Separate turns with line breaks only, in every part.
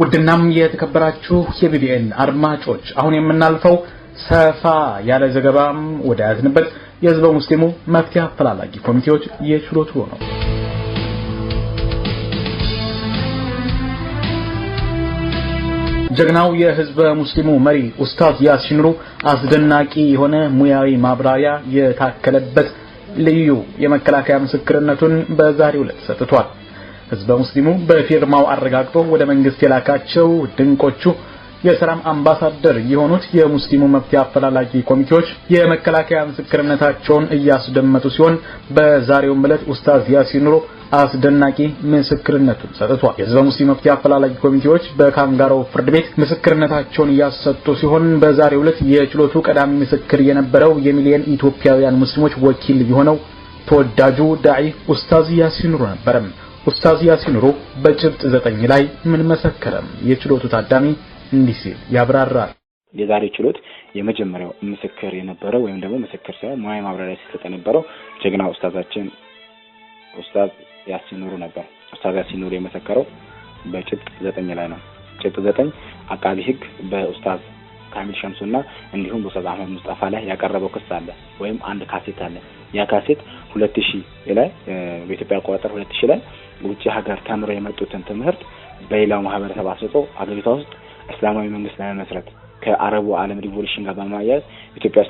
ውድናም የተከበራችሁ የቢቢኤን አድማጮች አሁን የምናልፈው ሰፋ ያለ ዘገባም ወደ ያዝንበት የህዝበ ሙስሊሙ መፍትሄ አፈላላጊ ኮሚቴዎች የችሎት ውሎ ነው። ጀግናው የህዝበ ሙስሊሙ መሪ ኡስታዝ ያሲኑሩ አስደናቂ የሆነ ሙያዊ ማብራሪያ የታከለበት ልዩ የመከላከያ ምስክርነቱን በዛሬው ዕለት ሰጥቷል። ህዝበ ሙስሊሙ በፊርማው አረጋግጦ ወደ መንግስት የላካቸው ድንቆቹ የሰላም አምባሳደር የሆኑት የሙስሊሙ መፍትሄ አፈላላጊ ኮሚቴዎች የመከላከያ ምስክርነታቸውን እያስደመጡ ሲሆን በዛሬውም ዕለት ኡስታዝ ያሲን ኑሮ አስደናቂ ምስክርነቱን ሰጥቷል። የህዝበ ሙስሊም መፍትሄ አፈላላጊ ኮሚቴዎች በካንጋሮ ፍርድ ቤት ምስክርነታቸውን እያሰጡ ሲሆን በዛሬው ዕለት የችሎቱ ቀዳሚ ምስክር የነበረው የሚሊየን ኢትዮጵያውያን ሙስሊሞች ወኪል የሆነው ተወዳጁ ዳዒ ኡስታዝ ያሲን ኑሮ ነበረም። ኡስታዝ ያሲን ኑሩ በጭብጥ ዘጠኝ ላይ ምን መሰከረም? የችሎቱ ታዳሚ እንዲህ ሲል ያብራራል።
ችሎት የመጀመሪያው ምስክር የነበረው ወይም ደግሞ ምስክር ሳይሆን ሙያዊ ማብራሪያ ሲሰጥ የነበረው ጀግና ኡስታዛችን ኡስታዝ ያሲን ኑሩ ነበር። ኡስታዝ ያሲን ኑሩ የመሰከረው በጭብጥ ዘጠኝ ላይ ነው። ጭብጥ ዘጠኝ አቃቢ ሕግ በኡስታዝ ካሚል ሸምሱና እንዲሁም በኡስታዝ አህመድ ሙስጣፋ ላይ ያቀረበው ክስ አለ ወይም አንድ ካሴት አለ። ያ ካሴት ሁለት ሺህ ላይ በኢትዮጵያ አቆጣጠር ሁለት ሺህ ላይ ውጭ ሀገር ተምረው የመጡትን ትምህርት በሌላው ማህበረሰብ አስርጾ አገሪቷ ውስጥ እስላማዊ መንግስት ለመመስረት ከአረቡ ዓለም ሪቮሉሽን ጋር በማያያዝ ኢትዮጵያ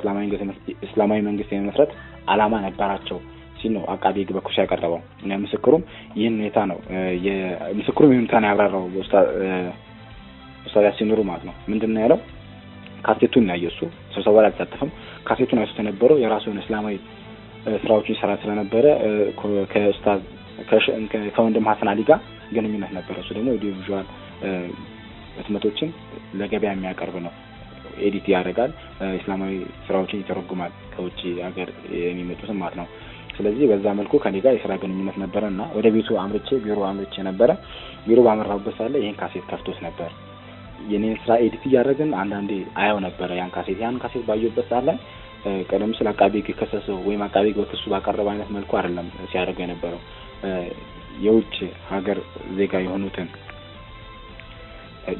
እስላማዊ መንግስት የመመስረት አላማ ነበራቸው ሲል ነው አቃቢ ሕግ በኩሻ ያቀረበው። ምስክሩም ይህን ሁኔታ ነው ምስክሩም ይህን ሁኔታ ነው ያብራራው ኡስታዝ ሲኑሩ ማለት ነው። ምንድን ነው ያለው? ካሴቱን ነው ያየሱ ስብሰባ ላይ አልተሳተፈም። ካሴቱን ያሱት የነበረው የራሱን እስላማዊ ስራዎችን ይሰራ ስለነበረ ከኡስታዝ ከወንድም ሀሰን አሊ ጋር ግንኙነት ነበረ። እሱ ደግሞ ኦዲዮ ቪዥዋል ህትመቶችን ለገበያ የሚያቀርብ ነው። ኤዲት ያደርጋል፣ ኢስላማዊ ስራዎችን ይተረጉማል፣ ከውጭ ሀገር የሚመጡትን ማለት ነው። ስለዚህ በዛ መልኩ ከኔ ጋር የስራ ግንኙነት ነበረ እና ወደ ቤቱ አምርቼ ቢሮ አምርቼ ነበረ። ቢሮ ባመራሁበት ሳለ ይህን ካሴት ከፍቶት ነበር። የኔን ስራ ኤዲት እያደረግን አንዳንዴ አየው ነበረ ያን ካሴት። ያን ካሴት ባየበት ሰዓት ላይ ቀደም ስል አቃቤ ህግ ወይም አቃቤ ህግ በክሱ ባቀረበ አይነት መልኩ አይደለም ሲያደርገው የነበረው የውጭ ሀገር ዜጋ የሆኑትን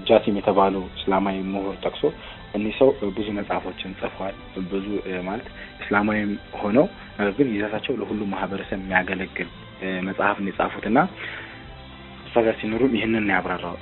ጃሲም የተባሉ እስላማዊ ምሁር ጠቅሶ እኒህ ሰው ብዙ መጽሐፎችን ጽፏል ብዙ ማለት እስላማዊም ሆነው ነገር ግን ይዘታቸው ለሁሉም ማህበረሰብ የሚያገለግል መጽሐፍ ነው የጻፉት እና እዛ ጋር ሲኖሩም ይህንን ያብራራው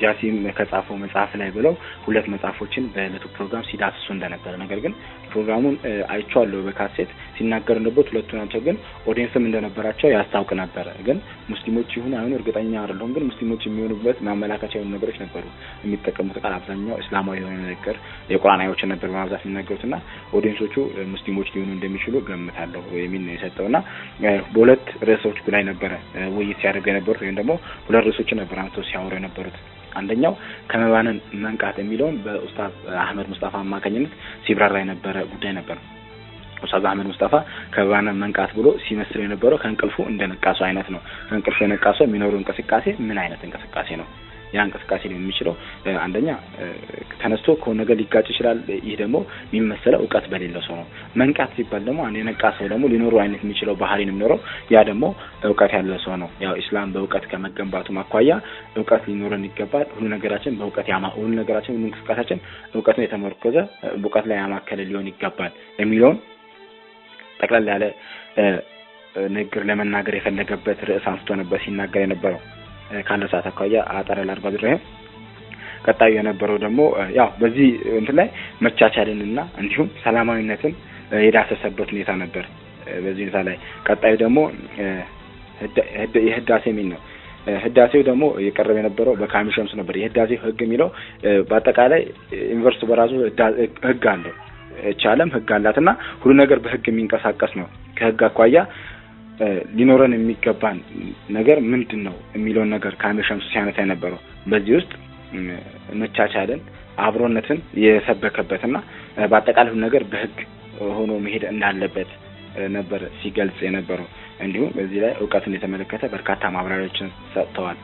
ጃሲም ከጻፈው መጽሐፍ ላይ ብለው ሁለት መጽሐፎችን በዕለቱ ፕሮግራም ሲዳስሱ እንደነበረ ነገር ግን ፕሮግራሙን አይቼዋለሁ በካሴት ሲናገር ነበር። ሁለቱ ናቸው። ግን ኦዲየንስም እንደነበራቸው ያስታውቅ ነበረ። ግን ሙስሊሞች ይሁን አይሁን እርግጠኛ አይደለሁም። ግን ሙስሊሞች የሚሆኑበት ማመላከቻ የሆኑ ነገሮች ነበሩ የሚጠቀሙት ቃል አብዛኛው እስላማዊ የሆነ ነገር የቁርአን አዮችን ነበር በማብዛት የሚናገሩት እና ኦዲየንሶቹ ሙስሊሞች ሊሆኑ እንደሚችሉ ገምታለሁ የሚል ነው የሰጠው እና በሁለት ርዕሶች ላይ ነበረ ውይይት ሲያደርጉ የነበሩት ወይም ደግሞ ሁለት ርዕሶች ነበር አንስተው ሲያወሩ የነበሩት አንደኛው ከመባነን መንቃት የሚለውን በኡስታዝ አህመድ ሙስጣፋ አማካኝነት ሲብራራ የነበረ ጉዳይ ነበር። ኡስታዝ አህመድ ሙስጣፋ ከመባነን መንቃት ብሎ ሲመስል የነበረው ከእንቅልፉ እንደነቃሰው አይነት ነው። ከእንቅልፉ የነቃ የሚኖሩ እንቅስቃሴ ምን አይነት እንቅስቃሴ ነው? ያ እንቅስቃሴ ነው የሚችለው። አንደኛ ተነስቶ ከሆነ ነገር ሊጋጭ ይችላል። ይህ ደግሞ የሚመሰለው እውቀት በሌለው ሰው ነው። መንቃት ሲባል ደግሞ የነቃ ሰው ደግሞ ሊኖሩ አይነት የሚችለው ባህሪ ነው የሚኖረው። ያ ደግሞ እውቀት ያለው ሰው ነው። ያው ኢስላም በእውቀት ከመገንባቱ አኳያ እውቀት ሊኖረን ይገባል። ሁሉ ነገራችን በእውቀት ያማ ሁሉ ነገራችን ሁሉ እንቅስቃሴያችን እውቀት ነው የተመርኮዘ እውቀት ላይ ያማከለ ሊሆን ይገባል የሚለውን ጠቅላላ ያለ ንግግር ለመናገር የፈለገበት ርዕስ አንስቶ ነበር ሲናገር የነበረው። ከአንድ ሰዓት አኳያ አጠር ያለ አርባ ዜሮ ቀጣዩ የነበረው ደግሞ ያው በዚህ እንትን ላይ መቻቻልንና እንዲሁም ሰላማዊነትን የዳሰሰበት ሁኔታ ነበር። በዚህ ሁኔታ ላይ ቀጣዩ ደግሞ የህዳሴ የሚል ነው። ህዳሴው ደግሞ የቀረበ የነበረው በካሚሽምስ ነበር። የህዳሴው ህግ የሚለው በአጠቃላይ ዩኒቨርስቲ በራሱ ህግ አለው። እቺ ህግ አላት እና ሁሉ ነገር በህግ የሚንቀሳቀስ ነው። ከህግ አኳያ ሊኖረን የሚገባን ነገር ምንድን ነው የሚለውን ነገር ከአሚር ሸምሱ ሲያነሳ የነበረው በዚህ ውስጥ መቻቻልን፣ አብሮነትን የሰበከበት ና በአጠቃላይ ነገር በህግ ሆኖ መሄድ እንዳለበት ነበር ሲገልጽ የነበረው። እንዲሁም በዚህ ላይ እውቀትን የተመለከተ በርካታ ማብራሪያዎችን ሰጥተዋል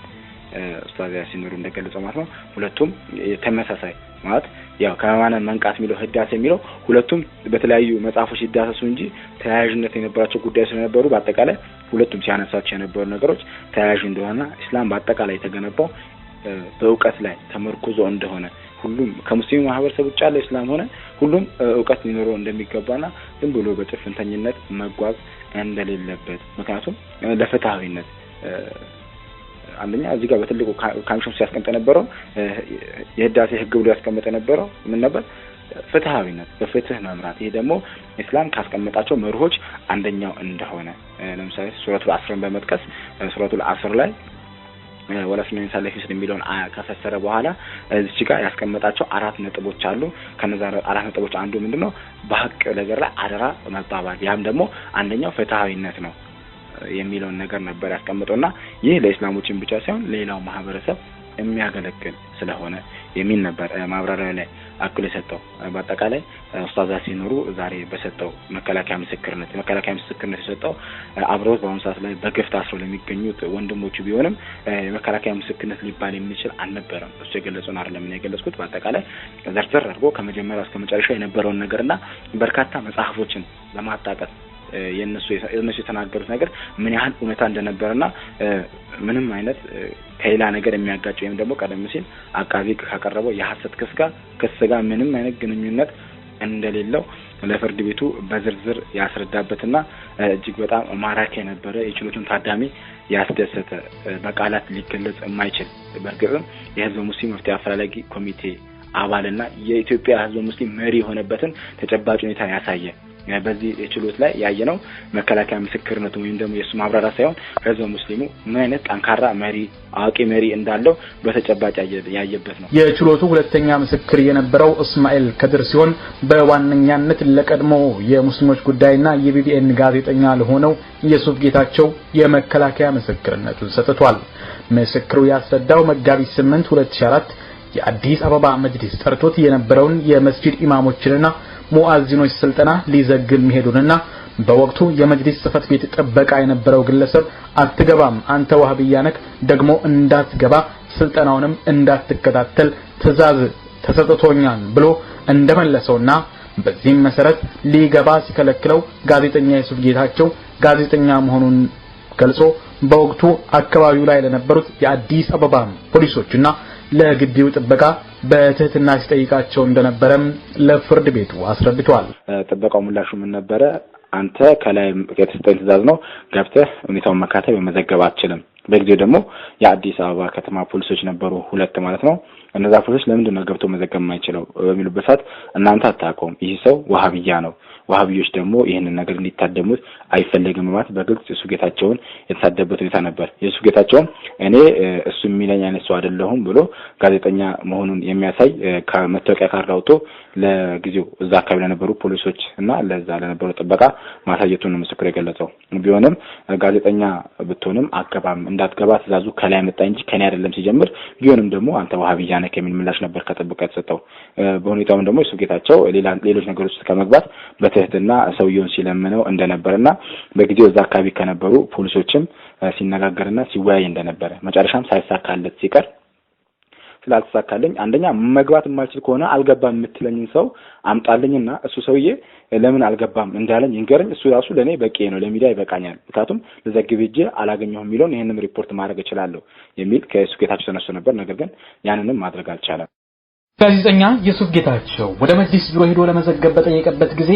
ኡስታዝ ያሲን ኑሩ እንደገለጸው ማለት ነው። ሁለቱም ተመሳሳይ ማለት ያው ከማማነን መንቃት የሚለው ህዳሴ የሚለው ሁለቱም በተለያዩ መጽሐፎች ይዳሰሱ እንጂ ተያያዥነት የነበራቸው ጉዳይ ስለነበሩ በአጠቃላይ ሁለቱም ሲያነሳቸው የነበሩ ነገሮች ተያያዥ እንደሆነ ኢስላም በአጠቃላይ የተገነባው በእውቀት ላይ ተመርኩዞ እንደሆነ ሁሉም ከሙስሊሙ ማህበረሰብ ውጭ ያለ እስላም ሆነ ሁሉም እውቀት ሊኖረው እንደሚገባና ዝም ብሎ በጭፍንተኝነት መጓዝ እንደሌለበት ምክንያቱም ለፍትሐዊነት አንደኛ እዚህ ጋር በትልቁ ካሚሽን ሲያስቀምጥ የነበረው የህዳሴ ህግ ብሎ ያስቀምጥ የነበረው ምን ነበር? ፍትሐዊነት፣ በፍትህ መምራት። ይሄ ደግሞ ኢስላም ካስቀመጣቸው መርሆች አንደኛው እንደሆነ ለምሳሌ ሱረቱል አስርን በመጥቀስ ሱረቱል አስር ላይ ወለስሜን ሳለፊ ስል የሚለውን ከፈሰረ በኋላ እዚች ጋር ያስቀመጣቸው አራት ነጥቦች አሉ። ከነዛ አራት ነጥቦች አንዱ ምንድነው? በሀቅ ነገር ላይ አደራ መባባል። ያም ደግሞ አንደኛው ፍትሐዊነት ነው። የሚለውን ነገር ነበር ያስቀምጠው እና ይህ ለእስላሞችን ብቻ ሳይሆን ሌላው ማህበረሰብ የሚያገለግል ስለሆነ የሚል ነበር ማብራሪያ ላይ አክሎ የሰጠው። በአጠቃላይ ኡስታዝ ሲኖሩ ዛሬ በሰጠው መከላከያ ምስክርነት መከላከያ ምስክርነት የሰጠው አብረውት በአሁኑ ሰዓት ላይ በግፍ ታስረው ለሚገኙት ወንድሞቹ ቢሆንም መከላከያ ምስክርነት ሊባል የሚችል አልነበረም። እሱ የገለጹን አይደለም እኔ የገለጽኩት። በአጠቃላይ ዘርዘር አድርጎ ከመጀመሪያ እስከ መጨረሻ የነበረውን ነገርና በርካታ መጽሐፎችን ለማጣቀት የእነሱ የተናገሩት ነገር ምን ያህል እውነታ እንደነበረና ምንም አይነት ከሌላ ነገር የሚያጋጭ ወይም ደግሞ ቀደም ሲል አቃቢ ሕግ ካቀረበው የሀሰት ክስ ጋር ክስ ጋር ምንም አይነት ግንኙነት እንደሌለው ለፍርድ ቤቱ በዝርዝር ያስረዳበትና እጅግ በጣም ማራኪ የነበረ የችሎቱን ታዳሚ ያስደሰተ በቃላት ሊገለጽ የማይችል በእርግጥም የህዝብ ሙስሊም መፍትሄ አፈላላጊ ኮሚቴ አባልና የኢትዮጵያ ህዝብ ሙስሊም መሪ የሆነበትን ተጨባጭ ሁኔታ ያሳየ በዚህ ችሎት ላይ ያየነው መከላከያ ምስክርነቱ ወይም ደግሞ የእሱ ማብራሪያ ሳይሆን ህዝበ ሙስሊሙ ምን አይነት ጠንካራ መሪ፣ አዋቂ መሪ እንዳለው በተጨባጭ ያየበት ነው።
የችሎቱ ሁለተኛ ምስክር የነበረው እስማኤል ከድር ሲሆን በዋነኛነት ለቀድሞ የሙስሊሞች ጉዳይና የቢቢኤን ጋዜጠኛ ለሆነው ኢየሱፍ ጌታቸው የመከላከያ ምስክርነቱን ሰጥቷል። ምስክሩ ያስረዳው መጋቢት 8 2004 የአዲስ አበባ መጅሊስ ጠርቶት የነበረውን የመስጂድ ኢማሞችንና ሙአዚኖች ስልጠና ሊዘግብ መሄዱንና በወቅቱ የመጅሊስ ጽህፈት ቤት ጥበቃ የነበረው ግለሰብ አትገባም፣ አንተ ዋህብያ ነክ ደግሞ እንዳትገባ ስልጠናውንም እንዳትከታተል ትዕዛዝ ተሰጥቶኛል ብሎ እንደመለሰውና በዚህም መሰረት ሊገባ ሲከለክለው ጋዜጠኛ የሱፍ ጌታቸው ጋዜጠኛ መሆኑን ገልጾ በወቅቱ አካባቢው ላይ ለነበሩት የአዲስ አበባ ፖሊሶችና ለግቢው ጥበቃ በትህትና ሲጠይቃቸው እንደነበረም ለፍርድ ቤቱ አስረድቷል።
ጥበቃው ምላሹ ምን ነበረ? አንተ ከላይ የተሰጠኝ ትዕዛዝ ነው ገብተህ ሁኔታውን መካተል የመዘገብ አትችልም በጊዜው ደግሞ የአዲስ አበባ ከተማ ፖሊሶች ነበሩ፣ ሁለት ማለት ነው። እነዛ ፖሊሶች ለምንድን ነው ገብቶ መዘገብ የማይችለው በሚሉበት ሰዓት እናንተ አታውቀውም፣ ይህ ሰው ዋሃብያ ነው፣ ዋሃብዮች ደግሞ ይህንን ነገር እንዲታደሙት አይፈለግም በማለት በግልጽ የሱ ጌታቸውን የተሳደበት ሁኔታ ነበር። የሱ ጌታቸውም እኔ እሱ የሚለኝ አይነት ሰው አይደለሁም ብሎ ጋዜጠኛ መሆኑን የሚያሳይ መታወቂያ ካርድ አውጥቶ ለጊዜው እዛ አካባቢ ለነበሩ ፖሊሶች እና ለዛ ለነበረው ጥበቃ ማሳየቱን ምስክር የገለጸው ቢሆንም ጋዜጠኛ ብትሆንም አገባም እንዳትገባ ትእዛዙ ከላይ መጣ እንጂ ከኔ አይደለም ሲጀምር ቢሆንም ደግሞ አንተ ዋሃብያ ነህ የሚል ምላሽ ነበር ከጥበቃ የተሰጠው። በሁኔታውም ደግሞ ዩሱፍ ጌታቸው ሌሎች ነገሮች ውስጥ ከመግባት በትህትና ሰውየውን ሲለምነው እንደነበር እና በጊዜው እዛ አካባቢ ከነበሩ ፖሊሶችም ሲነጋገርና ሲወያይ እንደነበረ መጨረሻም ሳይሳካለት ሲቀር ስላልተሳካለኝ አንደኛ መግባት የማልችል ከሆነ አልገባም የምትለኝን ሰው አምጣልኝና እሱ ሰውዬ ለምን አልገባም እንዳለኝ ይንገረኝ። እሱ ራሱ ለእኔ በቂ ነው፣ ለሚዲያ ይበቃኛል። ምክንያቱም ልዘግብ ሄጄ አላገኘሁም የሚለውን ይህንም ሪፖርት ማድረግ እችላለሁ የሚል ከሱ ጌታቸው ተነሱ ነበር። ነገር ግን ያንንም ማድረግ አልቻለም።
ጋዜጠኛ የሱፍ ጌታቸው ወደ መጅሊስ ቢሮ ሄዶ ለመዘገብ በጠየቀበት ጊዜ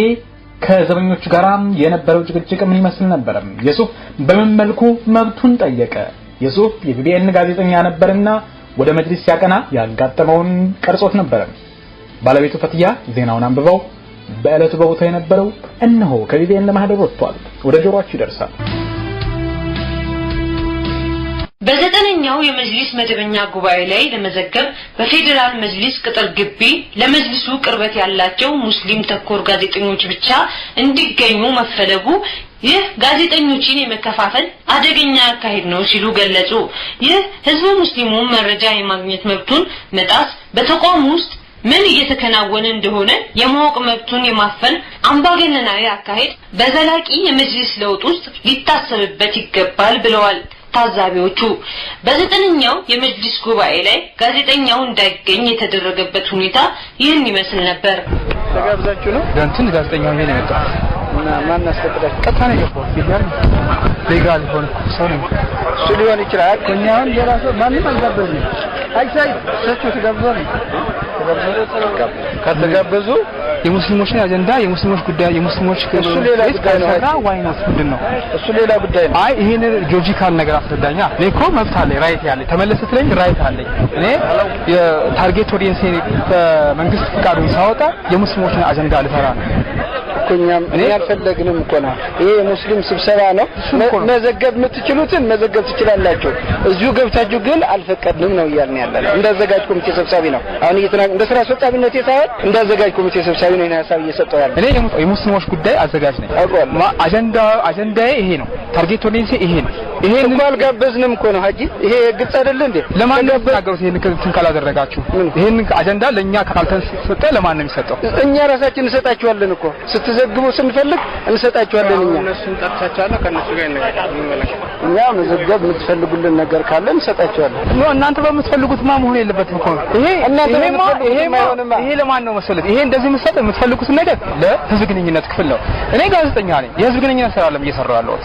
ከዘበኞቹ ጋራም የነበረው ጭቅጭቅ ምን ይመስል ነበረም? የሱፍ በምን መልኩ መብቱን ጠየቀ? የሱፍ የቢቢኤን ጋዜጠኛ ነበርና ወደ መጅሊስ ሲያቀና ያጋጠመውን ቀርጾት ነበረ። ባለቤቱ ፈትያ ዜናውን አንብበው በዕለቱ በቦታ የነበረው እነሆ ከቢቢኤን ለማህደር ወጥቷል ወደ ጆሮአችሁ ይደርሳል።
በዘጠነኛው የመጅሊስ መደበኛ ጉባኤ ላይ ለመዘገብ በፌዴራል መጅሊስ ቅጥር ግቢ ለመጅሊሱ ቅርበት ያላቸው ሙስሊም ተኮር ጋዜጠኞች ብቻ እንዲገኙ መፈለጉ ይህ ጋዜጠኞችን የመከፋፈል አደገኛ አካሄድ ነው ሲሉ ገለጹ። ይህ ህዝቡ ሙስሊሙ መረጃ የማግኘት መብቱን መጣስ፣ በተቋም ውስጥ ምን እየተከናወነ እንደሆነ የማወቅ መብቱን የማፈን አምባገነናዊ አካሄድ በዘላቂ የመጅሊስ ለውጥ ውስጥ ሊታሰብበት ይገባል ብለዋል። ታዛቢዎቹ በዘጠነኛው የመጅሊስ ጉባኤ ላይ ጋዜጠኛው እንዳይገኝ የተደረገበት ሁኔታ ይህን ይመስል ነበር።
ተጋብዛችሁ ነው
እንትን ጋዜጠኛው ይሄን ያጣ
እና ማን አስፈቅዳችሁ? ቀጥታ ነው የገባው። ይገርም ሌጋል ሆነ ሰው ነው እሱ ሊሆን ይችላል። እኛ የራሱ ማንም አልጋበዝንም። አይሳይ ሳይ ሰቹ ተጋብዟል ከተጋበዙ
የሙስሊሞችን አጀንዳ የሙስሊሞች ጉዳይ የሙስሊሞች እሱ ሌላ ጉዳይ ነው።
እሱ ሌላ ጉዳይ
ነው። አይ ይሄን ሎጂካል ነገር አስረዳኛ። እኔ እኮ መብት አለኝ ራይት ያለኝ ተመለስ ስትለኝ ራይት አለኝ። እኔ የታርጌት ኦዲየንስ መንግስት ፍቃዱን ሳወጣ የሙስሊሞችን አጀንዳ ልሰራ ነው
እኮ እኛም እኔ አልፈለግንም እኮ ነው። ይሄ ሙስሊም ስብሰባ ነው። መዘገብ የምትችሉትን መዘገብ ትችላላችሁ። እዚሁ ገብታችሁ ግን አልፈቀድንም ነው እያልን ያለ ነው። እንደ አዘጋጅ ኮሚቴ ሰብሳቢ ነው አሁን እየተና እንደ ስራ አስፈጻሚነት ሳይሆን እንደ ኮሚቴ ሰብሳቢ ነው ሀሳብ እየሰጠሁ ያለ
እኔ የሙስሊሞች ጉዳይ አዘጋጅ ነኝ። አጀንዳ አጀንዳዬ ይሄ ነው። ታርጌት ኦዲየንሴ ይሄ ነው።
ይሄ እኮ አልጋበዝንም እኮ ነው ሀጂ። ይሄ ግልጽ አይደለ እንዴ?
ለማን ነው የምትናገሩት? ይሄን እንትን ካላደረጋችሁ ይሄን አጀንዳ ለኛ ካልተሰጠ ለማን ነው የሚሰጠው?
እኛ ራሳችን እንሰጣችኋለን እኮ ስት እንዲዘግቡ ስንፈልግ እንሰጣቸዋለን። እኛ
እነሱን ጠርቻቸዋለ። ከእነሱ ጋር
እኛ መዘገብ የምትፈልጉልን ነገር ካለ እንሰጣቸዋለን።
ነው እናንተ በምትፈልጉትማ መሆን የለበትም እኮ
ይሄ እናንተ ይሄ ይሄ ለማን ነው መሰለህ? ይሄ እንደዚህ የምትሰጥ የምትፈልጉትን ነገር ለህዝብ ግንኙነት ክፍል ነው። እኔ ጋዜጠኛ ነኝ፣ የህዝብ ግንኙነት ስራ ለም እየሰራሁ ያለሁት።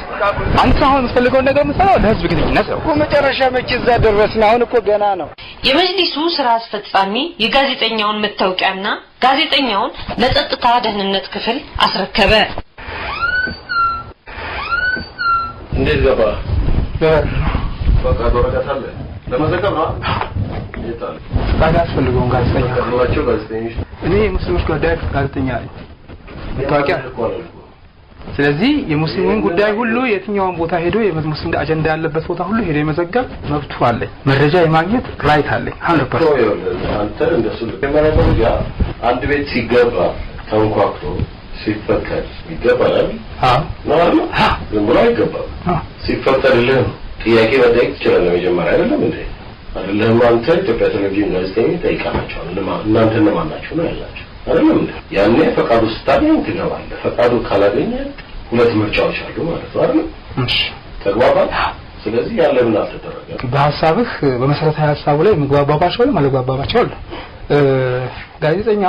አንተ አሁን የምትፈልገውን ነገር የምትሰራው ለህዝብ ግንኙነት ነው እኮ። መጨረሻ መቼ እዛ ደረስን? አሁን እኮ ገና ነው።
የመጅሊሱ ስራ አስፈጻሚ የጋዜጠኛውን መታወቂያና ጋዜጠኛውን ለጸጥታ ደህንነት ክፍል አስረከበ።
እንዴት ገባ?
ነው።
በቃ ወረቀት አለ ለመዘገብ ነው።
አያስፈልገውም። ጋዜጠኛ እኔ ሙስሊሞች ጋዜጠኛ ስለዚህ የሙስሊሙን ጉዳይ ሁሉ የትኛውን ቦታ ሄዶ የሙስሊም አጀንዳ ያለበት ቦታ ሁሉ ሄዶ የመዘገብ መብቱ አለኝ። መረጃ የማግኘት ራይት አለኝ።
አንድ ቤት ሲገባ ተንኳክቶ ሲፈቀድ ይገባላል ነው ዝም ብሎ አይገባም። ሲፈቀድልህ ጥያቄ መጠየቅ ትችላለህ። መጀመሪያ አይደለም እንዴ አይደለም አንተ ኢትዮጵያ ቴሌቪዥን ጋዜጠኛ ጠይቃ ናቸው እናንተ እነማን ናቸው ነው ያላቸው አይደለም ያኔ ፈቃዱ ስታገኝ ትገባለህ። ፈቃዱ ካላገኘ ሁለት ምርጫዎች አሉ ማለት ነው አይደል? እሺ ተግባባል። ስለዚህ ያለ ምን አልተደረገ
በሀሳብህ በመሰረታዊ ሀሳቡ ላይ ምግባባባቸው አለ ማለግባባባቸው አለ። ጋዜጠኛ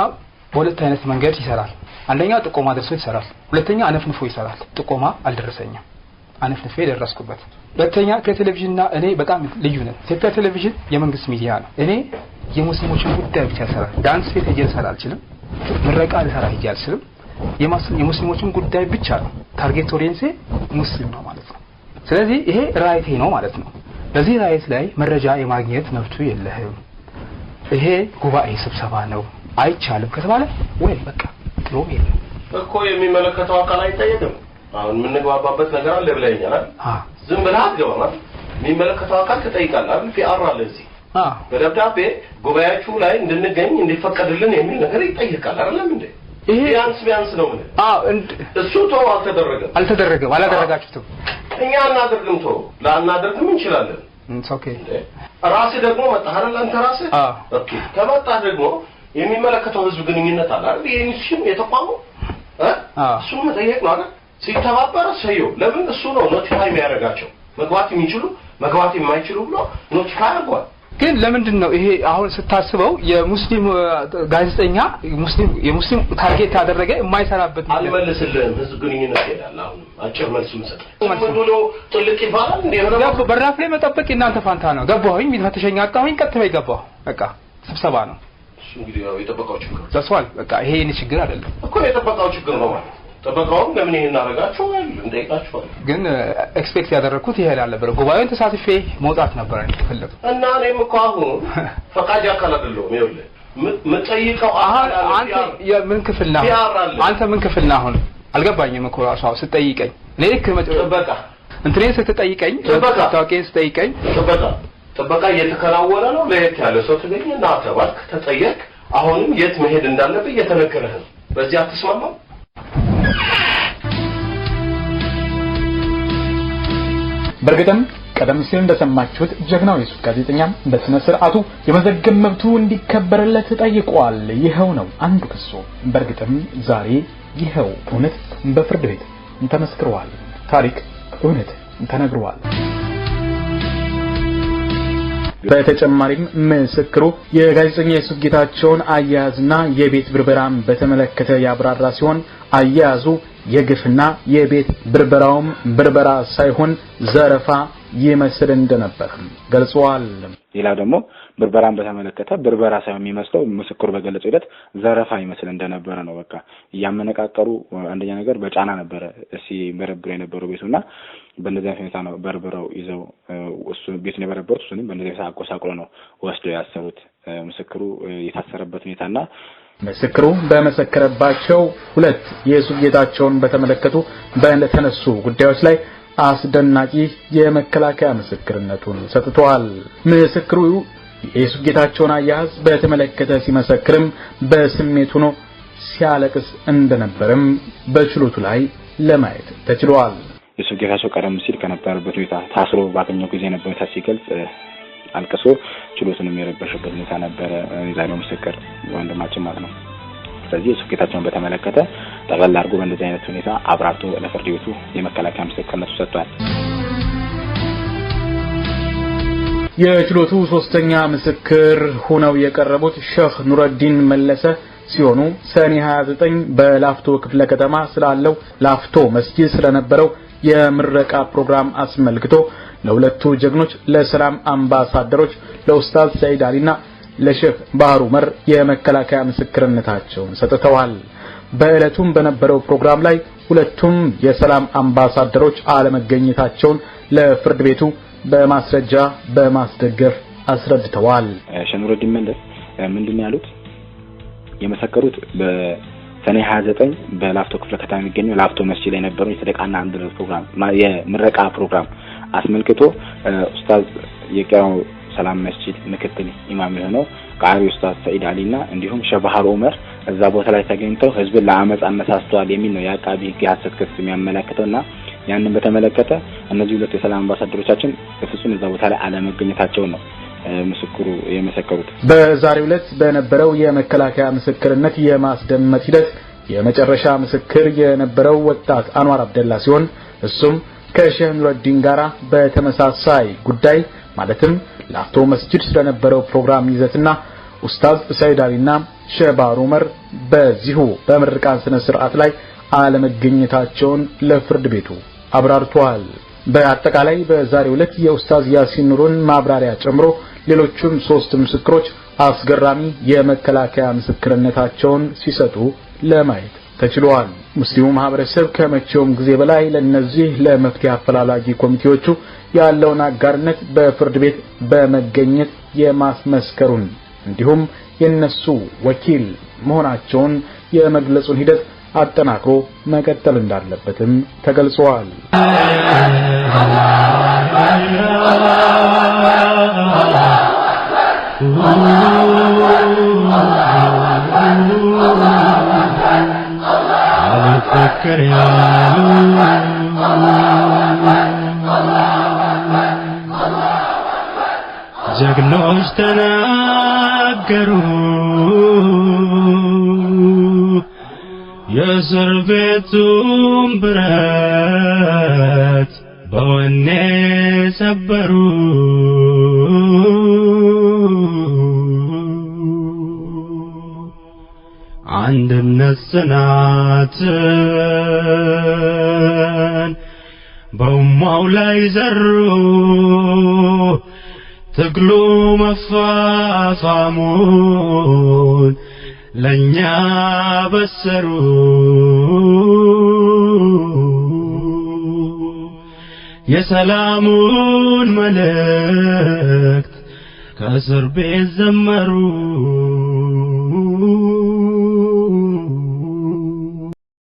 በሁለት አይነት መንገድ ይሰራል። አንደኛ ጥቆማ ደርሶ ይሰራል። ሁለተኛ አነፍንፎ ይሰራል። ጥቆማ አልደረሰኝም አነፍንፌ ደረስኩበት። ሁለተኛ ከቴሌቪዥንና እኔ በጣም ልዩ ነን። ኢትዮጵያ ቴሌቪዥን የመንግስት ሚዲያ ነው። እኔ የሙስሊሞችን ጉዳይ ብቻ ይሰራል። ዳንስ ቤት ሄጄ ልሰራ አልችልም። ምረቃ ልሰራ ሂጅ አልችልም። የሙስሊሞችን ጉዳይ ብቻ ነው ታርጌት ኦዲየንሴ ሙስሊም ነው ማለት ነው። ስለዚህ ይሄ ራይቴ ነው ማለት ነው። በዚህ ራይት ላይ መረጃ የማግኘት መብቱ የለህም። ይሄ ጉባኤ ስብሰባ ነው አይቻልም ከተባለ ወይም በቃ ጥሎ ሄደ
እኮ የሚመለከተው አካል አይጠየቅም። አሁን የምንግባባበት ነገር አለ ብለኛል። ዝም ብለህ አትገባም። የሚመለከተው አካል ትጠይቃለህ። ፊአር አለ እዚህ በደብዳቤ ጉባኤያችሁ ላይ እንድንገኝ እንዲፈቀድልን የሚል ነገር ይጠይቃል። አይደለም እንዴ? ይሄ ቢያንስ ቢያንስ ነው። ምን አዎ፣ እሱ ቶ አልተደረገም፣
አልተደረገም፣ አላደረጋችሁትም።
እኛ አናደርግም፣ ቶ ላናደርግም እንችላለን። ኦኬ። ራስህ ደግሞ መጣህ አይደል? አንተ ራስህ ኦኬ። ከመጣህ ደግሞ የሚመለከተው ህዝብ ግንኙነት አለ አይደል? የኢንስቲትዩሽን የተቋሙ እሱ መጠየቅ ነው አይደል? ሲተባበረ ሰየው። ለምን እሱ ነው ኖቲፋይ የሚያደርጋቸው መግባት የሚችሉ መግባት የማይችሉ ብሎ ኖቲፋይ አድርጓል።
ግን ለምንድን ነው ይሄ አሁን ስታስበው የሙስሊም ጋዜጠኛ ሙስሊም የሙስሊም ታርጌት ያደረገ የማይሰራበት
አልመልስልህም። ህዝብ ግንኙነት ይሄዳል። አሁን አጭር መልስ ምሰጥ ብሎ ጥልቅ ይባላል።
በራፍ ላይ መጠበቅ የእናንተ ፋንታ ነው። ገባሁኝ ፈተሸኛ አጣሁኝ ቀጥታ ገባሁ። በቃ ስብሰባ ነው።
እሱ እንግዲህ ያው የጠበቃው ችግር
ደስዋል። በቃ ይሄ የኔ ችግር አይደለም
እኮ የጠበቃው ችግር ነው ማለት ጥበቃውም ለምን ይሄን አደረጋችሁ እንጠይቃችኋል።
ግን ኤክስፔክት ያደረግኩት ይሄ ላልነበረ ጉባኤውን ተሳትፌ መውጣት ነበረ የፈለጉ
እና እኔም እኮ አሁን ፈቃጅ አካል አይደለሁም። ይኸውልህ የምጠይቀው
አሁን አንተ የምን ክፍል ነህ? አንተ ምን ክፍል ነህ? አሁን አልገባኝም እኮ እራሱ አሁን ስትጠይቀኝ እኔ ልክ ጥበቃ እንትኔን ስትጠይቀኝ ጥበቃ ታውቄን ስትጠይቀኝ
ጥበቃ ጥበቃ እየተከናወነ ነው። ለየት ያለ ሰው ትገኝና ተባልክ፣ ተጠየቅ። አሁንም የት መሄድ እንዳለብህ እየተነገረህ ነው። በዚህ አትስማማም?
በእርግጥም ቀደም ሲል እንደሰማችሁት ጀግናው የሱፍ ጋዜጠኛ በስነ ስርዓቱ የመዘገብ መብቱ እንዲከበርለት ጠይቋል። ይኸው ነው አንዱ ክሱ። በእርግጥም ዛሬ ይኸው እውነት በፍርድ ቤት ተመስክሯል። ታሪክ እውነት ተነግሯል። በተጨማሪም ምስክሩ የጋዜጠኛ የሱፍ ጌታቸውን አያያዝና የቤት ብርበራን በተመለከተ ያብራራ ሲሆን አያያዙ የግፍና የቤት ብርበራውም ብርበራ ሳይሆን ዘረፋ ይመስል እንደነበር ገልጸዋል።
ሌላ ደግሞ ብርበራን በተመለከተ ብርበራ ሳይሆን የሚመስለው ምስክሩ በገለጸው ሂደት ዘረፋ ይመስል እንደነበረ ነው። በቃ እያመነቃቀሩ አንደኛ ነገር በጫና ነበረ ሲበረብሩ የነበረው ቤቱና በእንደዚህ ሁኔታ ነው በርብረው ይዘው ቤቱን የበረበሩት። እሱንም በእንደዚህ ሁኔታ አቆሳቁሎ ነው ወስዶ ያሰሩት። ምስክሩ የታሰረበት ሁኔታና
ምስክሩ በመሰከረባቸው ሁለት የሱ ጌታቸውን በተመለከቱ በተነሱ ጉዳዮች ላይ አስደናቂ የመከላከያ ምስክርነቱን ሰጥቷል። ምስክሩ የኢየሱስ ጌታቸውን አያያዝ በተመለከተ ሲመሰክርም በስሜት ሆኖ ሲያለቅስ እንደነበረም በችሎቱ ላይ ለማየት ተችሏል።
ኢየሱስ ጌታቸው ቀደም ሲል ከነበረበት ሁኔታ ታስሮ ባገኘው ጊዜ ነበረታ ሲገልጽ አልቅሶ ችሎቱን የሚረበሽበት ሁኔታ ነበረ። የዛሬው ምስክር ወንድማችን ማለት ነው። ስለዚህ ኢየሱስ ጌታቸውን በተመለከተ ጠቅለል አድርጎ በእንደዚህ አይነት ሁኔታ አብራርቶ ለፍርድ ቤቱ የመከላከያ ምስክርነቱ ሰጥቷል።
የችሎቱ ሶስተኛ ምስክር ሆነው የቀረቡት ሼህ ኑረዲን መለሰ ሲሆኑ ሰኔ 29 በላፍቶ ክፍለ ከተማ ስላለው ላፍቶ መስጂድ ስለነበረው የምረቃ ፕሮግራም አስመልክቶ ለሁለቱ ጀግኖች ለሰላም አምባሳደሮች ለኡስታዝ ሰይድ አሊና ለሼህ ባህሩ መር የመከላከያ ምስክርነታቸውን ሰጥተዋል። በዕለቱም በነበረው ፕሮግራም ላይ ሁለቱም የሰላም አምባሳደሮች አለመገኘታቸውን ለፍርድ ቤቱ በማስረጃ በማስደገፍ አስረድተዋል።
ሸምሮዲን መለስ ምንድን ነው ያሉት? የመሰከሩት በሰኔ 29 በላፍቶ ክፍለ ከተማ የሚገኘው ላፍቶ መስጂድ ላይ የነበረው የሰደቃና አንድነት ፕሮግራም የምረቃ ፕሮግራም አስመልክቶ ኡስታዝ የቄራው ሰላም መስጂድ ምክትል ኢማም የሆነው ቃሪ ኡስታዝ ሰኢድ አሊና እንዲሁም ሸባሃር ኡመር እዛ ቦታ ላይ ተገኝተው ህዝብን ለአመፅ አነሳስተዋል የሚል ነው የአቃቢ ህግ የሀሰት ክስ የሚያመለክተው እና ያንን በተመለከተ እነዚህ ሁለት የሰላም አምባሳደሮቻችን በፍጹም እዛ ቦታ ላይ አለመገኘታቸው ነው ምስክሩ የመሰከሩት።
በዛሬው ዕለት በነበረው የመከላከያ ምስክርነት የማስደመጥ ሂደት የመጨረሻ ምስክር የነበረው ወጣት አንዋር አብደላ ሲሆን እሱም ከሼህ ኑረዲን ጋራ በተመሳሳይ ጉዳይ ማለትም ለአቶ መስጂድ ስለነበረው ፕሮግራም ይዘትና ኡስታዝ ሰይድ አሊና ሸባር ኡመር በዚሁ በምርቃን ስነ ስርዓት ላይ አለመገኘታቸውን ለፍርድ ቤቱ አብራርቷል። በአጠቃላይ በዛሬው ዕለት የኡስታዝ ያሲን ኑሩን ማብራሪያ ጨምሮ ሌሎቹም ሶስት ምስክሮች አስገራሚ የመከላከያ ምስክርነታቸውን ሲሰጡ ለማየት ተችሏል። ሙስሊሙ ማህበረሰብ ከመቼውም ጊዜ በላይ ለነዚህ ለመፍትሄ አፈላላጊ ኮሚቴዎቹ ያለውን አጋርነት በፍርድ ቤት በመገኘት የማስመስከሩን እንዲሁም የነሱ ወኪል መሆናቸውን የመግለጹን ሂደት አጠናክሮ መቀጠል እንዳለበትም ተገልጿል። ጀግኖች ተና ተናገሩ የእስር ቤቱም ብረት በወኔ ሰበሩ። አንድነት ጽናትን በውማው ላይ ዘሩ። ትግሉ መፋፋሙን ለኛ በሰሩ የሰላሙን መልእክት ከእስር ቤት ዘመሩ።